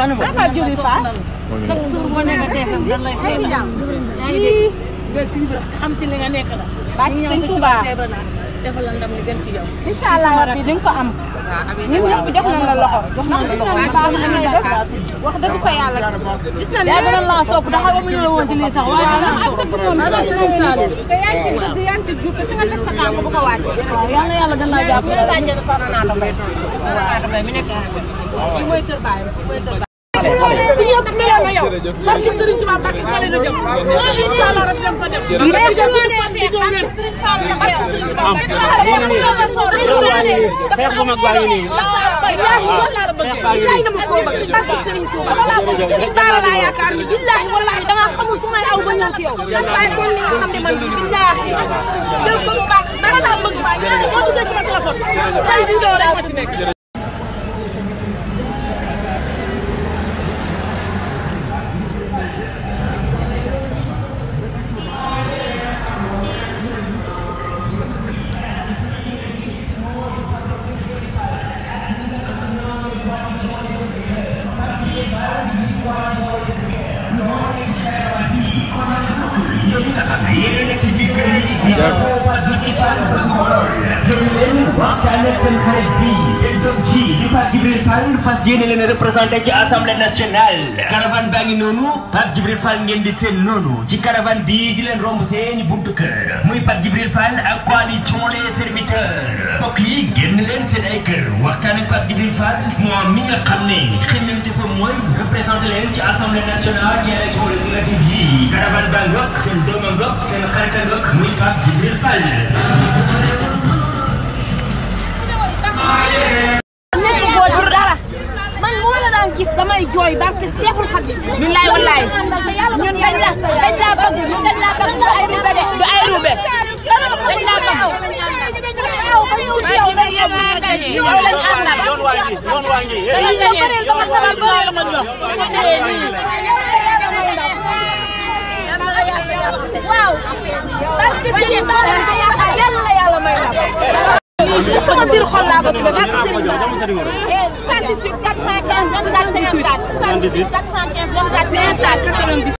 plan ba nga juri fa sang sur mo ne nga def dan lay xé ya ngi dégg nga ci am ci li nga nek la ba ci seigne touba defal la ndam li gën ci yow inshallah rabbi ding ko am ñun ñëpp jox nañ la loxo jox nañ la loxo ba am nañ def wax deug fa yalla gis na li yalla la sopp da xaw ma la xale xale bu ñu yokk meloon na yow barki Serigne Touba Mbacke xale na jëm incha allah rek dem fa dem mais bu ma nee xeex barki Serigne Fall la barki Serigne Touba Mbacke xale bu ñu la soor dañu naa ne xeex bu mag baa ngi nii billahi wala la bëgg billahi dama ko bëgg barki Serigne Touba Serigne Bara laa yaakaar ni billahi wallahi dama xamul fu may aw ba ñëw ci yow waaye kon li nga xam ne man bi billahi jël ko mu baax dara laa bëgg waaye ñaari boo duggee sama téléphone say vidéo rek ma ci nekk Yes. Djibril Fall fas yéene leen représenté ci assemblée nationale caravane baa ngi noonu di seen noonu ci caravane bii di leen romb seeni buntu kër muy Pape Djibril Fall ak coalition les serviteurs mbokk yi génn leen seen ay kër waxtaan ak Pape Djibril Fall moom mi nga xam a ngoog muy Pape Djibril Fall damay jooy barke Seexul Xadim. billaay wallaay ñun dañ la dañ laa bëgg ñun dañ laa bëgg du ay rubé de du ay rubé dañ laa bëgg. yow lañ àndal. dañuy ñëw dama sama bëri la ma jox. waaw. barke Serigne Bara yàlla na yàlla may la. sama biir xol laa ko tuddee barke Serigne Bara. 418 415 24 590